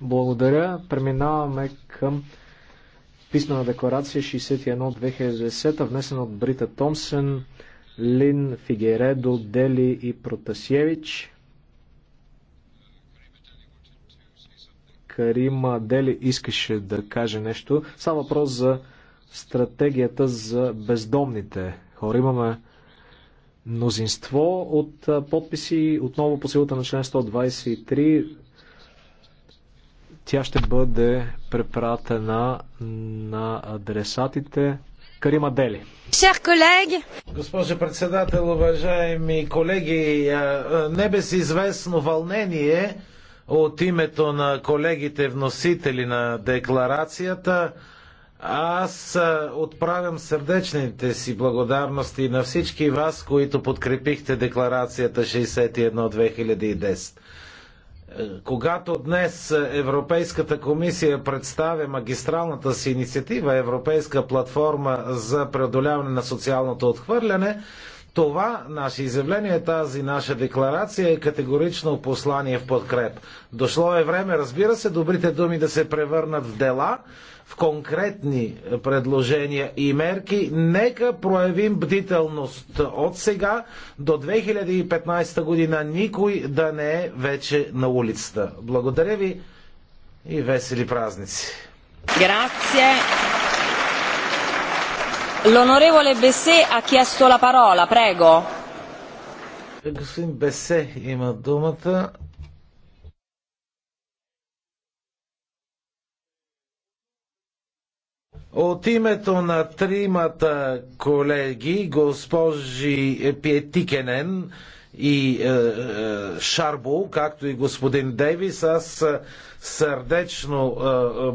Благодаря. Преминаваме към писмена декларация 61-2010, внесена от Брита Томсен, Лин Фигередо, Дели и Протасевич. Карима Дели искаше да каже нещо. Става въпрос за стратегията за бездомните хора. Имаме мнозинство от подписи отново по силата на член 123 тя ще бъде препратена на адресатите. Карима Дели. Шер колеги! Госпожо председател, уважаеми колеги, е, не известно вълнение от името на колегите вносители на декларацията. Аз е, отправям сърдечните си благодарности на всички вас, които подкрепихте декларацията 61-2010. Когато днес Европейската комисия представя магистралната си инициатива Европейска платформа за преодоляване на социалното отхвърляне, това наше изявление, тази наша декларация е категорично послание в подкреп. Дошло е време, разбира се, добрите думи да се превърнат в дела, в конкретни предложения и мерки. Нека проявим бдителност от сега до 2015 година. Никой да не е вече на улицата. Благодаря ви и весели празници! Grazie. L'onorevole Bessé ha chiesto la parola, prego. Господин Бесе има думата. От името на тримата колеги, госпожи Пиетикенен и е, е, Шарбо, както и господин Девис, аз е, Сърдечно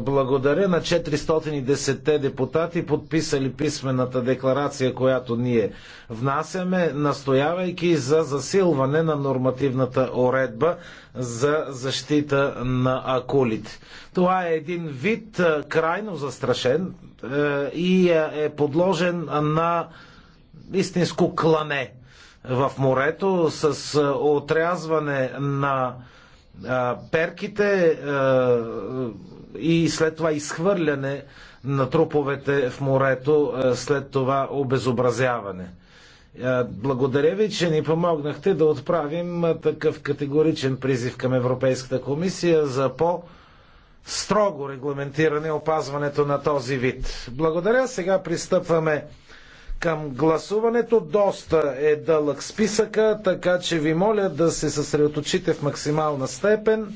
благодаря на 410 депутати, подписали писмената декларация, която ние внасяме, настоявайки за засилване на нормативната уредба за защита на акулите. Това е един вид крайно застрашен и е подложен на истинско клане в морето с отрязване на перките и след това изхвърляне на труповете в морето, след това обезобразяване. Благодаря ви, че ни помогнахте да отправим такъв категоричен призив към Европейската комисия за по- строго регламентиране опазването на този вид. Благодаря. Сега пристъпваме към гласуването. Доста е дълъг списъка, така че ви моля да се съсредоточите в максимална степен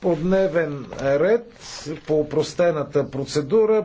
по дневен ред, по упростената процедура.